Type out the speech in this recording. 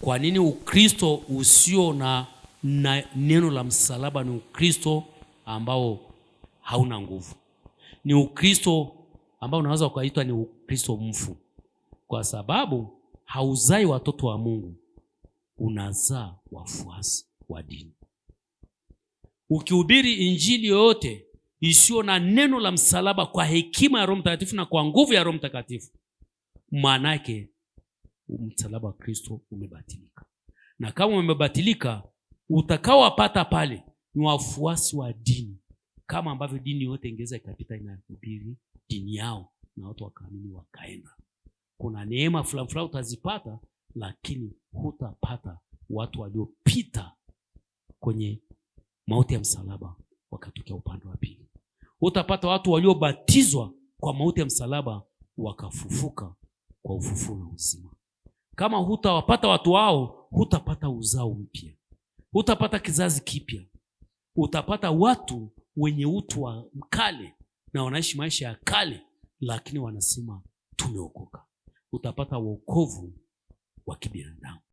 Kwa nini Ukristo usio na, na neno la msalaba ni Ukristo ambao hauna nguvu? Ni Ukristo ambao unaweza ukaitwa ni Ukristo mfu, kwa sababu hauzai watoto wa Mungu, unazaa wafuasi wa dini. Ukihubiri injili yoyote isiyo na neno la msalaba kwa hekima ya Roho Mtakatifu na kwa nguvu ya Roho Mtakatifu, yake msalaba wa kristo umebatilika na kama umebatilika utakaowapata pale ni wafuasi wa dini kama ambavyo dini yote ingeweza ikapita inahubiri dini yao na watu wakaamini wakaenda kuna neema fulani fulani utazipata lakini hutapata watu waliopita kwenye mauti ya msalaba wakatokea upande wa pili hutapata watu waliobatizwa kwa mauti ya msalaba wakafufuka kwa ufufuo na uzima kama hutawapata watu wao, hutapata uzao mpya, hutapata kizazi kipya. Utapata watu wenye utu wa mkale na wanaishi maisha ya kale, lakini wanasema tumeokoka. Utapata wokovu wa kibinadamu.